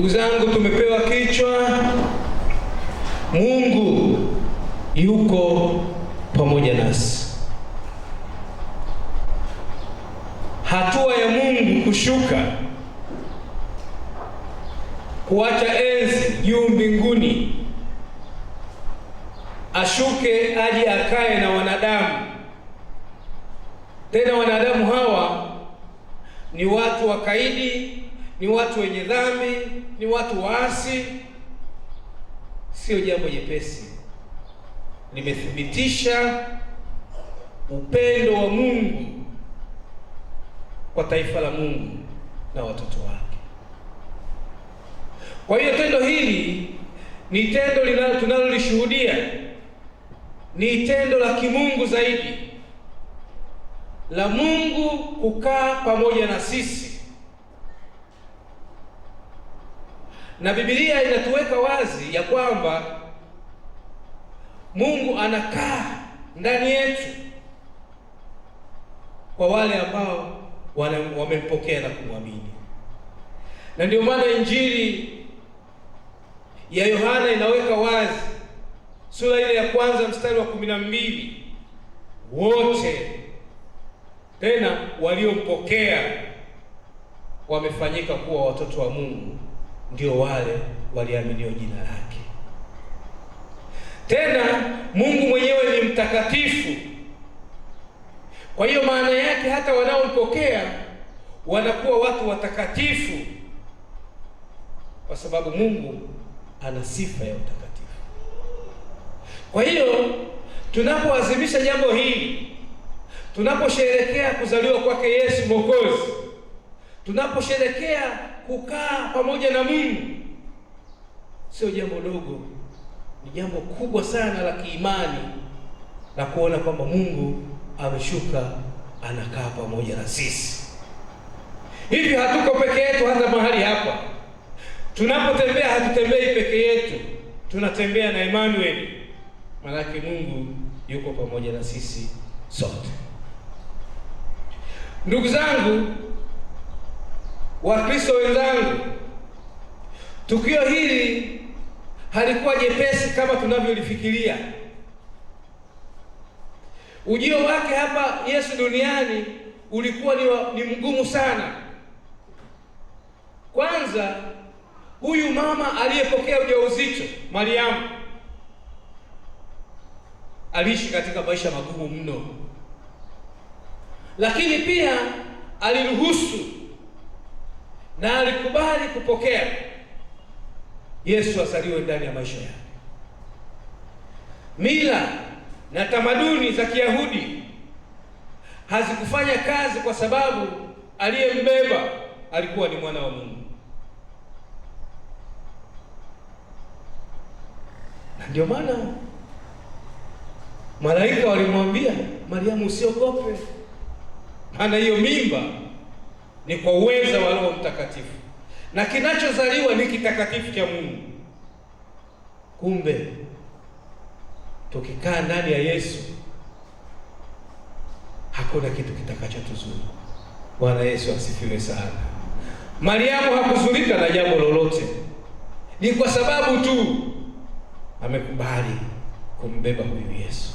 Ndugu zangu, tumepewa kichwa Mungu yuko pamoja nasi. Hatua ya Mungu kushuka kuacha enzi juu mbinguni, ashuke aje akae na wanadamu. Tena wanadamu hawa ni watu wakaidi ni watu wenye dhambi, ni watu waasi. Sio jambo jepesi. Limethibitisha upendo wa Mungu kwa taifa la Mungu na watoto wake. Kwa hiyo tendo hili ni tendo linalo tunalolishuhudia ni tendo la kimungu zaidi la Mungu kukaa pamoja na sisi na bibilia inatuweka wazi ya kwamba Mungu anakaa ndani yetu kwa wale ambao wamempokea na kumwamini, na ndio maana Injili ya Yohana inaweka wazi sura ile ya kwanza mstari wa kumi na mbili wote tena waliompokea wamefanyika kuwa watoto wa Mungu ndio wale waliaminio jina lake. Tena Mungu mwenyewe ni mtakatifu, kwa hiyo maana yake hata wanaompokea wanakuwa watu watakatifu, kwa sababu Mungu ana sifa ya utakatifu. Kwa hiyo tunapoadhimisha jambo hili, tunaposherekea kuzaliwa kwake Yesu Mwokozi, tunaposherekea kukaa pamoja na Mungu sio jambo dogo, ni jambo kubwa sana la kiimani na kuona kwamba Mungu ameshuka anakaa pamoja na sisi. Hivi hatuko peke yetu hata mahali hapa. Tunapotembea hatutembei peke yetu, tunatembea na Emmanuel, maanake Mungu yuko pamoja na sisi sote, ndugu zangu. Wakristo wenzangu, tukio hili halikuwa jepesi kama tunavyolifikiria. Ujio wake hapa Yesu duniani ulikuwa ni, wa, ni mgumu sana. Kwanza huyu mama aliyepokea ujauzito Mariamu aliishi katika maisha magumu mno, lakini pia aliruhusu na alikubali kupokea Yesu asaliwe ndani ya maisha yake. Mila na tamaduni za Kiyahudi hazikufanya kazi kwa sababu aliyembeba alikuwa ni mwana wa Mungu. Na ndio maana malaika walimwambia Mariamu, usiogope, maana hiyo mimba ni kwa uweza wa Roho Mtakatifu, na kinachozaliwa ni kitakatifu cha Mungu. Kumbe tukikaa ndani ya Yesu hakuna kitu kitakachotuzuru. Bwana Yesu asifiwe sana. Mariamu hakuzulika na jambo lolote, ni kwa sababu tu amekubali kumbeba huyu Yesu,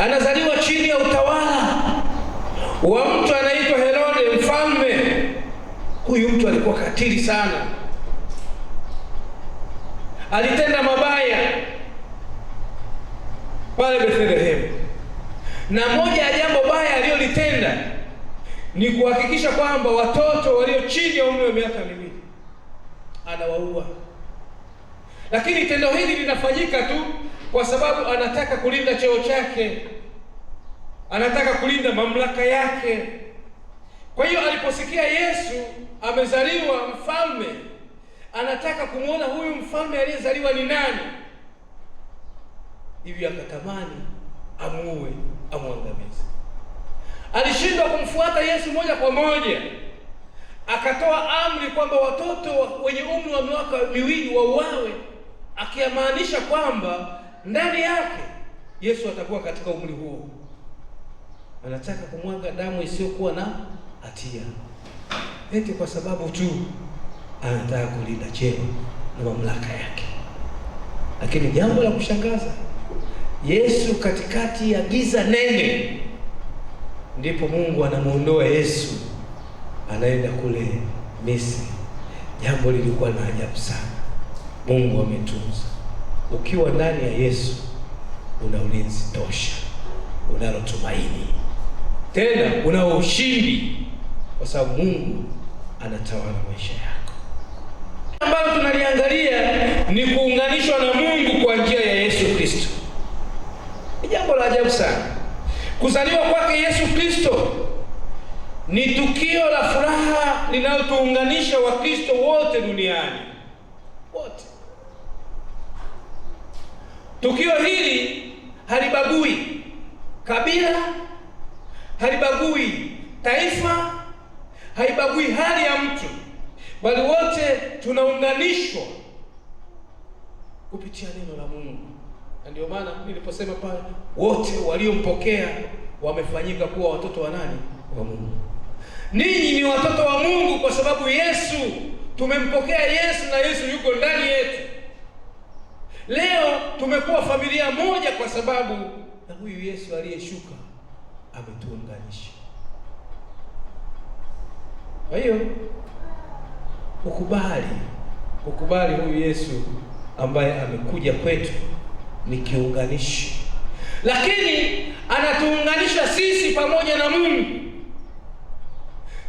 anazaliwa chini ya utawala wa mtu anaitwa Herode mfalme. Huyu mtu alikuwa katili sana, alitenda mabaya pale Bethlehemu, na moja ya jambo baya aliyolitenda ni kuhakikisha kwamba watoto walio chini ya umri wa miaka miwili anawaua. Lakini tendo hili linafanyika tu kwa sababu anataka kulinda cheo chake anataka kulinda mamlaka yake. Kwa hiyo aliposikia Yesu amezaliwa mfalme, anataka kumwona huyu mfalme aliyezaliwa ni nani, hivyo akatamani amuue, amwangamize. Alishindwa kumfuata Yesu moja kwa moja, akatoa amri kwamba watoto wenye umri wa miaka miwili wauawe, akiyamaanisha kwamba ndani yake Yesu atakuwa katika umri huo anataka kumwaga damu isiyokuwa na hatia, eti kwa sababu tu anataka kulinda cheo na mamlaka yake. Lakini jambo la kushangaza, Yesu katikati ya giza nene, ndipo Mungu anamuondoa Yesu, anaenda kule Misri. Jambo lilikuwa la ajabu sana. Mungu ametunza. Ukiwa ndani ya Yesu una ulinzi tosha, unalotumaini tumaini tena unao ushindi, kwa sababu Mungu anatawala maisha yako. Ambalo tunaliangalia ni kuunganishwa na Mungu kwa njia ya Yesu Kristo. Ni jambo la ajabu sana. Kuzaliwa kwake Yesu Kristo ni tukio la furaha linalotuunganisha Wakristo wote duniani wote. Tukio hili halibagui kabila halibagui taifa, haibagui hali ya mtu, bali wote tunaunganishwa kupitia neno la Mungu. Na ndio maana niliposema pale, wote waliompokea wamefanyika kuwa watoto wa nani? Wa Mungu. Ninyi ni watoto wa Mungu kwa sababu Yesu, tumempokea Yesu na Yesu yuko ndani yetu. Leo tumekuwa familia moja kwa sababu na huyu Yesu aliyeshuka ametuunganisha. Kwa hiyo ukubali, ukubali huyu Yesu ambaye amekuja kwetu ni kiunganishi, lakini anatuunganisha sisi pamoja na Mungu.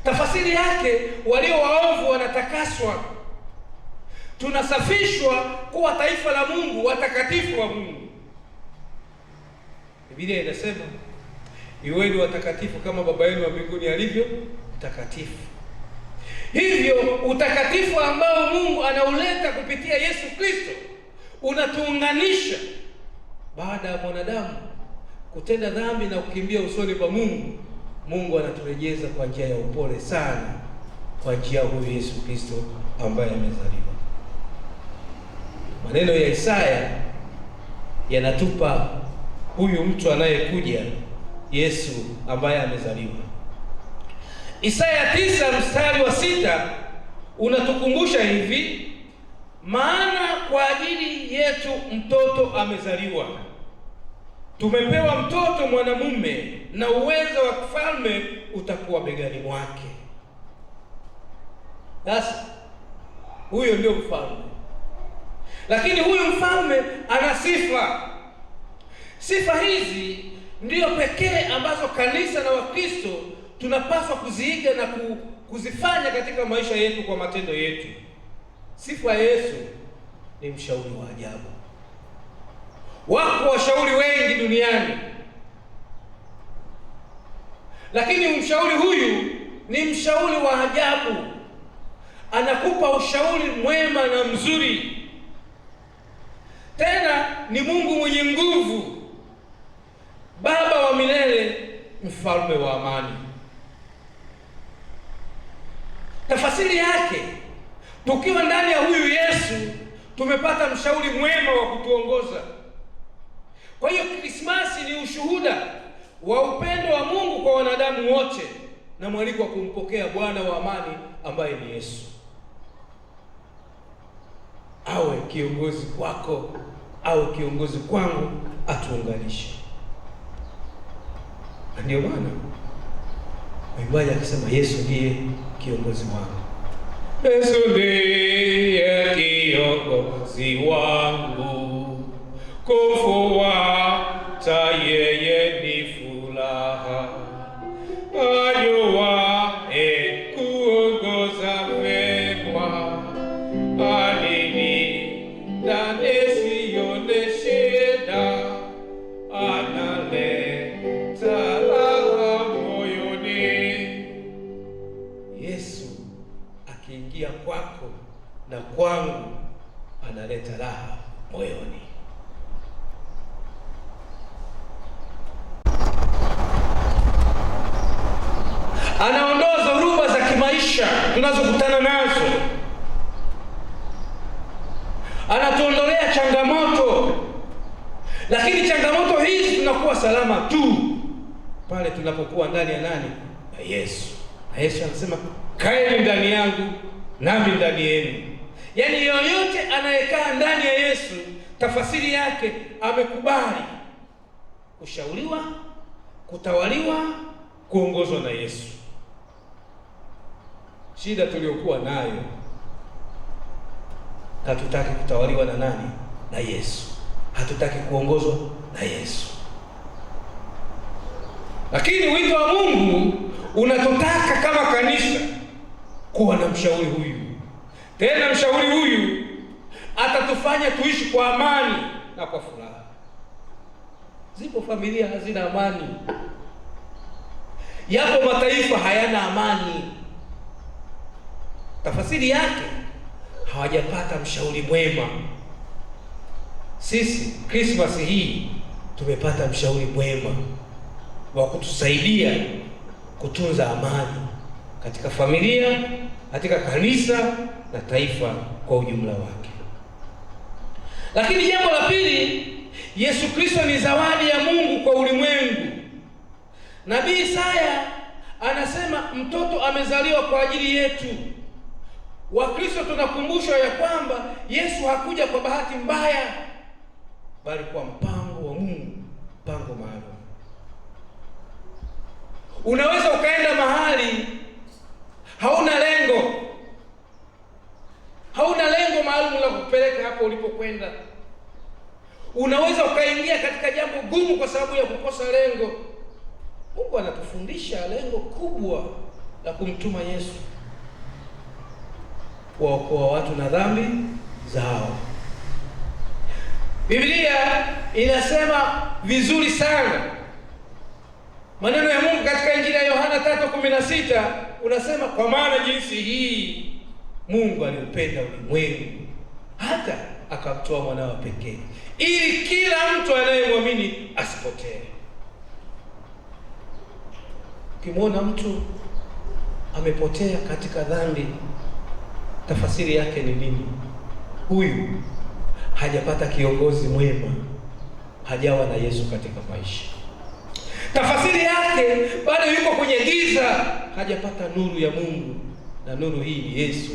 Tafasiri yake walio waovu wanatakaswa, tunasafishwa kuwa taifa la Mungu, watakatifu wa Mungu. Biblia inasema iweni watakatifu kama Baba yenu wa mbinguni alivyo mtakatifu. Hivyo utakatifu ambao Mungu anauleta kupitia Yesu Kristo unatuunganisha baada ya mwanadamu kutenda dhambi na kukimbia usoni kwa Mungu. Mungu anaturejeza kwa njia ya upole sana, kwa njia huyu Yesu Kristo ambaye amezaliwa. Maneno ya Isaya yanatupa huyu mtu anayekuja Yesu ambaye amezaliwa. Isaya tisa mstari wa sita unatukumbusha hivi, maana kwa ajili yetu mtoto amezaliwa, tumepewa mtoto mwanamume, na uwezo wa kifalme utakuwa begani mwake. Sasa huyo ndio mfalme, lakini huyu mfalme ana sifa. Sifa hizi ndiyo pekee ambazo kanisa na Wakristo tunapaswa kuziiga na kuzifanya katika maisha yetu kwa matendo yetu. sifu ya Yesu ni mshauri wa ajabu. Wako washauri wengi duniani, lakini mshauri huyu ni mshauri wa ajabu. Anakupa ushauri mwema na mzuri, tena ni Mungu mwenye nguvu Baba wa milele, mfalme wa amani. Tafasiri yake tukiwa ndani ya huyu Yesu tumepata mshauri mwema wa kutuongoza. Kwa hiyo Krismasi ni ushuhuda wa upendo wa Mungu kwa wanadamu wote na mwaliko wa kumpokea Bwana wa amani ambaye ni Yesu awe kiongozi kwako au kiongozi kwangu, atuunganishe. Na ndio maana mwimbaji akisema Yesu ndiye kiongozi wangu, Yesu ndiye kiongozi wangu kufuata yeye Na Yesu anasema kaeni ndani yangu nami ndani yenu. Yaani yoyote anayekaa ndani ya Yesu, tafasiri yake amekubali kushauriwa, kutawaliwa, kuongozwa na Yesu. Shida tuliyokuwa nayo, hatutaki kutawaliwa na nani? Na Yesu. Hatutaki kuongozwa na Yesu, lakini wito wa Mungu unachotaka kama kanisa kuwa na mshauri huyu, tena mshauri huyu atatufanya tuishi kwa amani na kwa furaha. Zipo familia hazina amani, yapo mataifa hayana amani. Tafasiri yake hawajapata mshauri mwema. Sisi Krismasi hii tumepata mshauri mwema wa kutusaidia kutunza amani katika familia, katika kanisa na taifa kwa ujumla wake. Lakini jambo la pili, Yesu Kristo ni zawadi ya Mungu kwa ulimwengu. Nabii Isaya anasema mtoto amezaliwa kwa ajili yetu. Wakristo tunakumbushwa ya kwamba Yesu hakuja kwa bahati mbaya, bali kwa mpango wa Mungu, mpango maalum. Unaweza ukaenda mahali hauna lengo, hauna lengo maalum la kupeleka hapo ulipokwenda. Unaweza ukaingia katika jambo gumu kwa sababu ya kukosa lengo. Mungu anatufundisha lengo kubwa la kumtuma Yesu, kuwaokoa watu na dhambi zao. Biblia inasema vizuri sana Maneno ya Mungu katika Injili ya Yohana 3:16 unasema, kwa maana jinsi hii Mungu aliupenda ulimwengu hata akamtoa mwanawe pekee, ili kila mtu anayemwamini asipotee. Ukimwona mtu amepotea katika dhambi, tafasiri yake ni nini? Huyu hajapata kiongozi mwema, hajawa na Yesu katika maisha. Tafasiri yake bado yuko kwenye giza, hajapata nuru ya Mungu, na nuru hii ni Yesu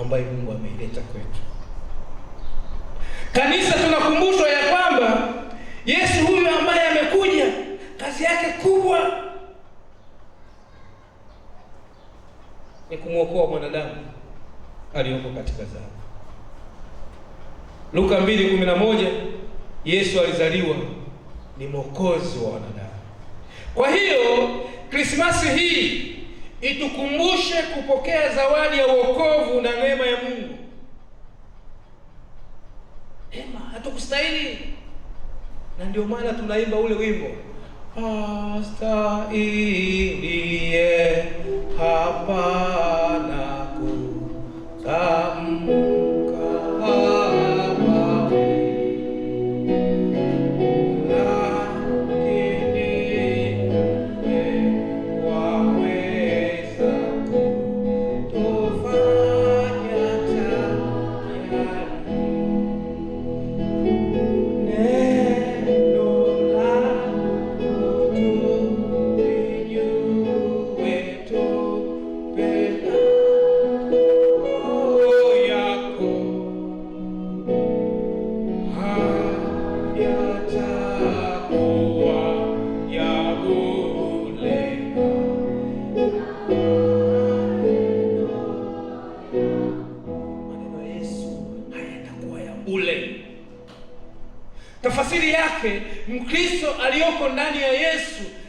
ambaye Mungu ameileta kwetu. Kanisa tunakumbushwa ya kwamba Yesu huyu ambaye amekuja, kazi yake kubwa ni kumwokoa mwanadamu aliyoko katika dhambi. Luka 2:11 Yesu alizaliwa ni mwokozi wa wanadamu. Kwa hiyo Krismasi hii itukumbushe kupokea zawadi ya wokovu na neema ya Mungu. Ema, hatukustahili na ndio maana tunaimba ule wimbo astailie hapana kutamka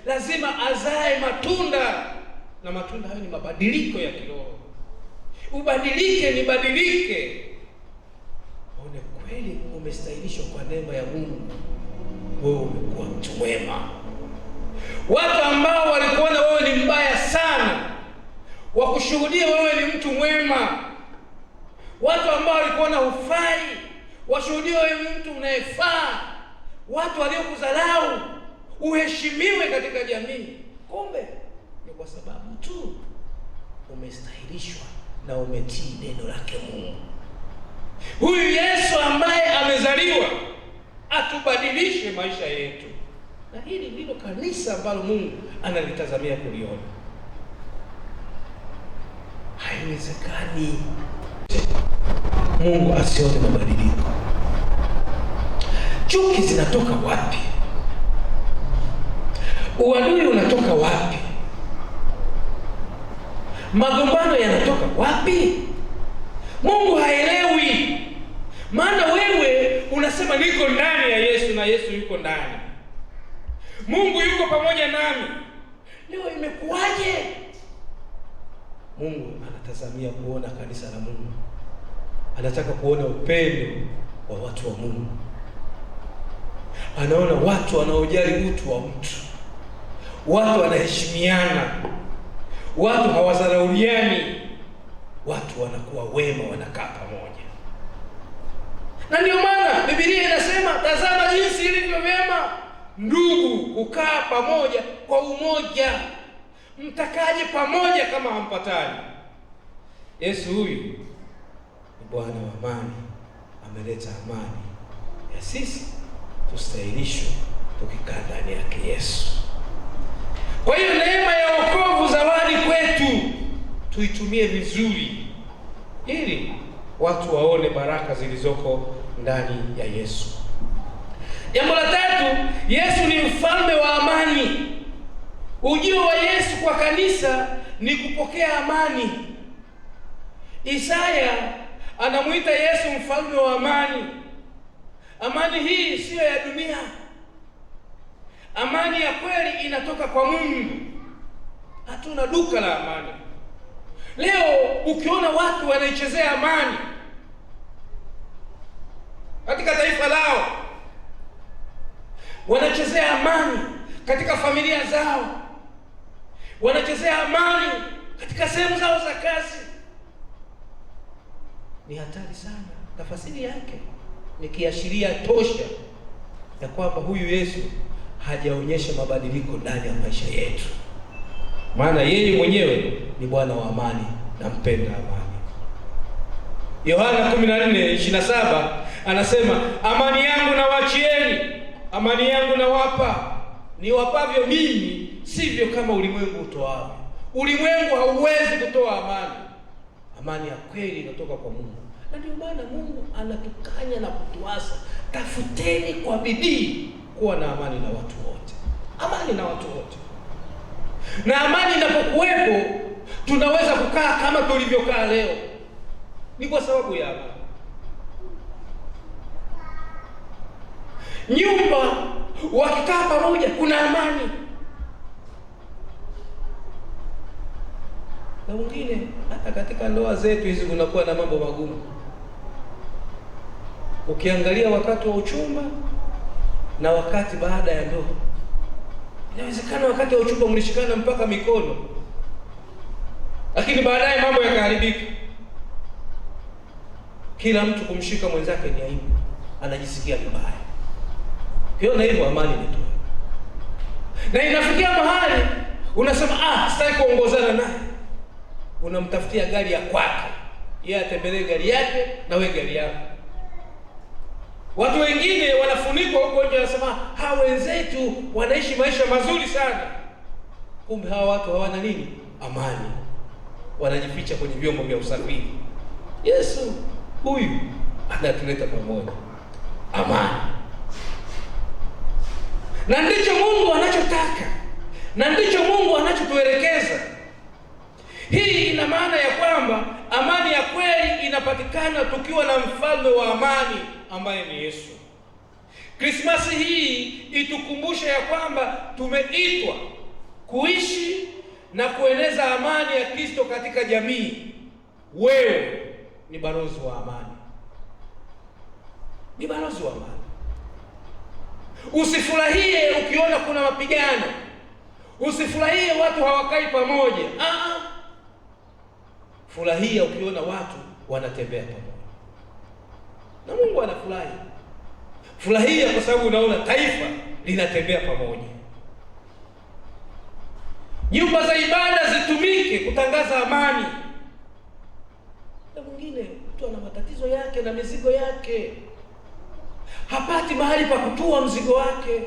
lazima azae matunda, na matunda hayo ni mabadiliko ya kiroho. Ubadilike, nibadilike, uone kweli umestahilishwa kwa neema ya Mungu, wewe umekuwa mtu mwema. Watu ambao walikuona wewe ni mbaya sana wakushuhudia wewe ni mtu mwema. Watu ambao walikuona hufai washuhudia wewe ni mtu unayefaa. Watu waliokuzalau uheshimiwe katika jamii, kumbe ni kwa sababu tu umestahilishwa na umetii neno lake Mungu. Huyu Yesu ambaye amezaliwa atubadilishe maisha yetu, na hili ndilo kanisa ambalo Mungu analitazamia kuliona. Haiwezekani Mungu asione mabadiliko. Chuki zinatoka wapi? Uadui unatoka wapi? Magombano yanatoka wapi? Mungu haelewi. Maana wewe unasema niko ndani ya Yesu na Yesu yuko ndani, Mungu yuko pamoja nami. Leo imekuwaje? Mungu anatazamia kuona kanisa la Mungu, anataka kuona upendo wa watu wa Mungu, anaona watu wanaojali utu wa mtu watu wanaheshimiana, watu hawadharauliani, watu wanakuwa wema, wanakaa pamoja. Na ndio maana Biblia inasema, tazama jinsi ilivyo vyema ndugu kukaa pamoja kwa umoja. Mtakaje pamoja kama hampatani? Yesu huyu ni Bwana wa amani, ameleta amani ya sisi tustahilishwe tukikaa ndani yake Yesu. Kwa hiyo neema ya wokovu zawadi kwetu, tuitumie vizuri ili watu waone baraka zilizoko ndani ya Yesu. Jambo la tatu, Yesu ni mfalme wa amani. Ujio wa Yesu kwa kanisa ni kupokea amani. Isaya anamwita Yesu mfalme wa amani. Amani hii siyo ya dunia. Amani ya kweli inatoka kwa Mungu, hatuna duka la amani. Leo ukiona watu wanaichezea amani katika taifa lao, wanachezea amani katika familia zao, wanachezea amani katika sehemu zao za kazi, ni hatari sana. Tafasiri yake ni kiashiria tosha ya kwamba huyu Yesu hajaonyesha mabadiliko ndani ya maisha yetu, maana yeye mwenyewe ni Bwana wa amani na mpenda amani. Yohana 14:27 anasema, amani yangu nawachieni, amani yangu nawapa, wapavyo mimi sivyo kama ulimwengu utoavyo. Ulimwengu hauwezi kutoa amani. Amani ya kweli inatoka kwa Mungu, na ndio maana Mungu anatukanya na kutuasa, tafuteni kwa bidii kuwa na amani na watu wote, amani na watu wote. Na amani inapokuwepo, tunaweza kukaa kama tulivyokaa leo, ni kwa sababu ya amani. Nyumba wakikaa pamoja, kuna amani. Na mwingine hata katika ndoa zetu hizi kunakuwa na mambo magumu, ukiangalia wakati wa uchumba na wakati baada ya ndoa. Inawezekana wakati wa uchumba mlishikana mpaka mikono, lakini baadaye mambo yakaharibika. Kila mtu kumshika mwenzake ni aibu, anajisikia vibaya. Ukiona hivyo, amani toa, na inafikia mahali unasema ah, sitaki kuongozana naye. Unamtafutia gari ya kwake, yeye atembelee gari yake na wewe gari yako. Watu wengine wanafunikwa huko nje, wanasema hawa wenzetu wanaishi maisha mazuri sana, kumbe hawa watu hawana nini? Amani, wanajificha kwenye vyombo vya usafiri. Yesu huyu anatuleta pamoja, amani, na ndicho Mungu anachotaka na ndicho Mungu anachotuelekeza. Hii ina maana ya kwamba amani ya kweli inapatikana tukiwa na mfalme wa amani ambaye ni Yesu. Krismasi hii itukumbushe ya kwamba tumeitwa kuishi na kueneza amani ya Kristo katika jamii. Wewe ni balozi wa amani, ni balozi wa amani. Usifurahie ukiona kuna mapigano, usifurahie watu hawakai pamoja. Ah, ah. furahia ukiona watu wanatembea pamoja na Mungu anafurahi. Furahia kwa sababu unaona taifa linatembea pamoja. Nyumba za ibada zitumike kutangaza amani. Na mwingine mtu ana matatizo yake na mizigo yake, hapati mahali pa kutua mzigo wake,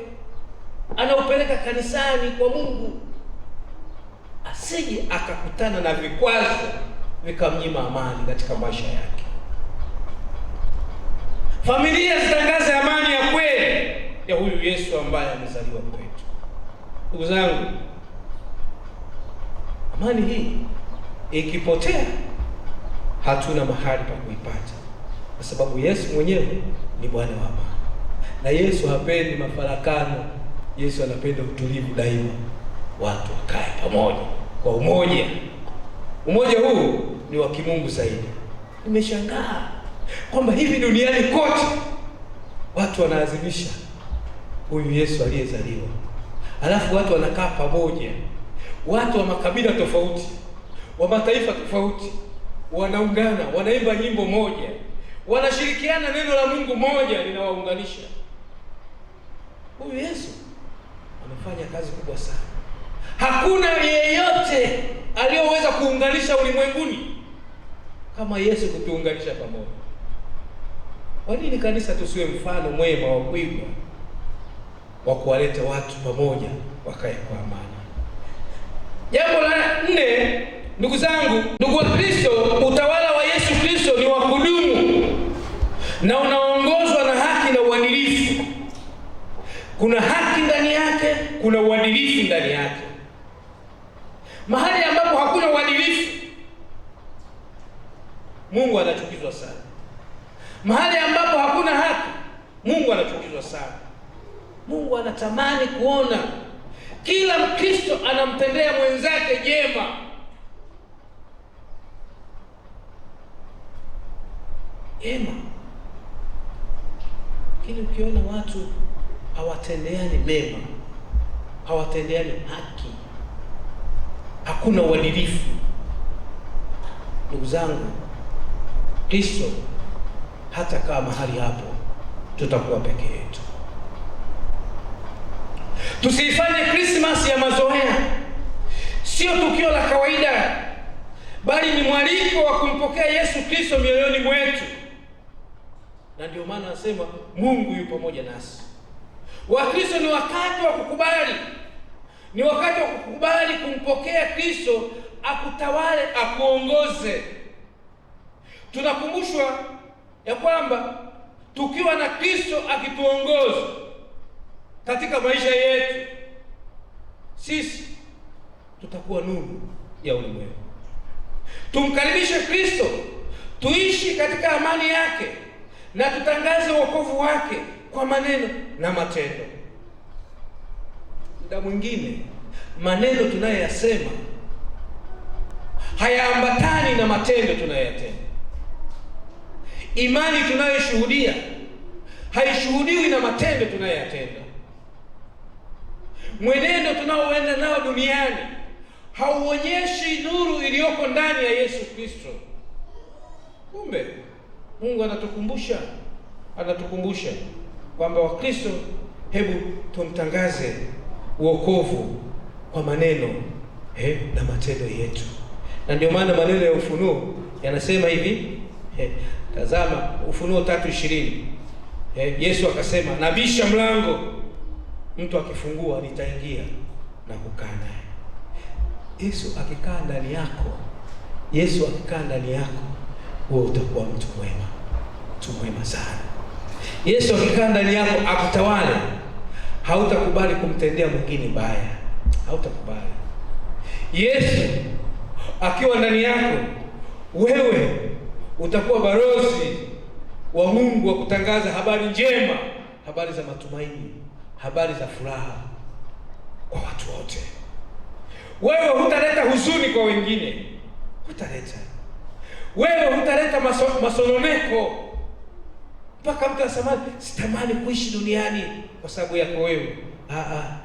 anaupeleka kanisani kwa Mungu, asije akakutana na vikwazo vikamnyima amani katika maisha yake familia zitangaze amani ya kweli ya huyu Yesu ambaye amezaliwa kwetu. Ndugu zangu, amani hii ikipotea, hatuna mahali pa kuipata, kwa sababu Yesu mwenyewe ni Bwana wa amani, na Yesu hapendi mafarakano. Yesu anapenda utulivu daima, watu wakae pamoja kwa umoja. Umoja huu ni wa kimungu zaidi. Nimeshangaa kwamba hivi duniani kote watu wanaadhimisha huyu Yesu aliyezaliwa, alafu watu wanakaa pamoja, watu wa makabila tofauti, wa mataifa tofauti, wanaungana, wanaimba nyimbo moja, wanashirikiana neno la Mungu moja linawaunganisha. Huyu Yesu amefanya kazi kubwa sana. Hakuna yeyote aliyoweza kuunganisha ulimwenguni kama Yesu kutuunganisha pamoja. Kwa nini kanisa tusiwe mfano mwema wa kuigwa wa kuwaleta watu pamoja wakae kwa amani? Jambo la nne, ndugu zangu, ndugu wa Kristo, utawala wa Yesu Kristo ni wa kudumu na unaongozwa na haki na uadilifu. Kuna haki ndani yake, kuna uadilifu ndani yake. Mahali ambapo hakuna uadilifu, Mungu anachukizwa sana. Mahali ambapo hakuna haki, Mungu anachukizwa sana. Mungu anatamani kuona kila Mkristo anamtendea mwenzake jema. Jema. Lakini ukiona watu hawatendeani mema, hawatendeani haki, hakuna uadilifu, ndugu zangu, Kristo hata kama mahali hapo tutakuwa peke yetu. Tusiifanye Krismasi ya mazoea, sio tukio la kawaida, bali ni mwaliko wa kumpokea Yesu Kristo mioyoni mwetu, na ndio maana anasema Mungu yu pamoja nasi. Wakristo ni wakati wa kukubali, ni wakati wa kukubali kumpokea Kristo akutawale, akuongoze. Tunakumbushwa ya kwamba tukiwa na Kristo akituongoza katika maisha yetu, sisi tutakuwa nuru ya ulimwengu. Tumkaribishe Kristo, tuishi katika amani yake na tutangaze wokovu wake kwa maneno na matendo. Muda mwingine maneno tunayoyasema hayaambatani na matendo tunayoyatenda. Imani tunayoshuhudia haishuhudiwi na matendo tunayoyatenda. Mwenendo tunaoenda nao duniani hauonyeshi nuru iliyoko ndani ya Yesu Kristo. Kumbe Mungu anatukumbusha, anatukumbusha kwamba Wakristo, hebu tumtangaze uokovu kwa maneno eh, na matendo yetu, na ndio maana maneno ya Ufunuo yanasema hivi Eh, tazama Ufunuo tatu ishirini. Eh, Yesu akasema nabisha mlango, mtu akifungua nitaingia na kukaa naye. Yesu akikaa ndani yako, Yesu akikaa ndani yako, wewe utakuwa mtu mwema, mtu mwema sana. Yesu akikaa ndani yako akutawale, hautakubali kumtendea mwingine baya, hautakubali. Yesu akiwa ndani yako wewe utakuwa barozi wa Mungu wa kutangaza habari njema, habari za matumaini, habari za furaha kwa watu wote. Wewe hutaleta huzuni kwa wengine, hutaleta wewe hutaleta maso, masononeko mpaka mtu asamani sitamani kuishi duniani kwa sababu yako wewe. Ah, ah.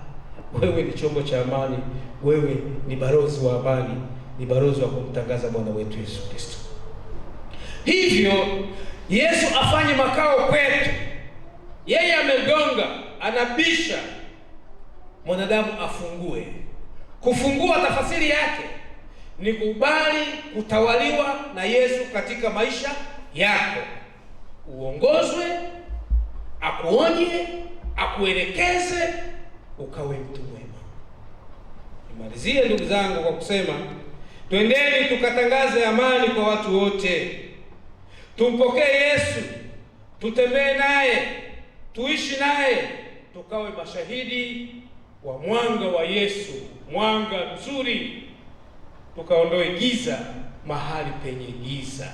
Wewe ni chombo cha amani, wewe ni barozi wa amani, ni barozi wa kumtangaza Bwana wetu Yesu Kristo. Hivyo Yesu afanye makao kwetu. Yeye amegonga, anabisha, mwanadamu afungue. Kufungua tafasiri yake ni kubali kutawaliwa na Yesu katika maisha yako, uongozwe, akuonye, akuelekeze, ukawe mtu mwema. Nimalizie ndugu zangu kwa kusema twendeni tukatangaze amani kwa watu wote. Tumpokee Yesu, tutembee naye, tuishi naye, tukawe mashahidi wa mwanga wa Yesu, mwanga mzuri, tukaondoe giza mahali penye giza,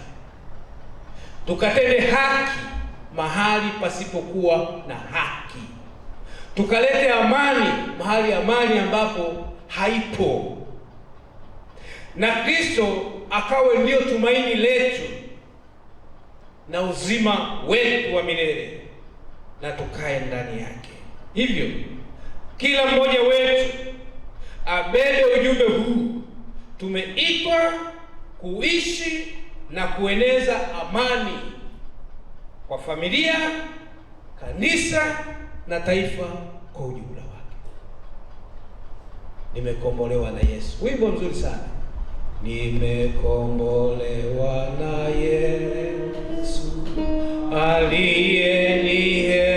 tukatende haki mahali pasipokuwa na haki, tukalete amani mahali amani ambapo haipo, na Kristo akawe ndiyo tumaini letu na uzima wetu wa milele na tukae ndani yake. Hivyo kila mmoja wetu abebe ujumbe huu, tumeitwa kuishi na kueneza amani kwa familia, kanisa na taifa kwa ujumla wake. Nimekombolewa na Yesu, wimbo mzuri sana. Nimekombolewa na Yesu Alie, Alie.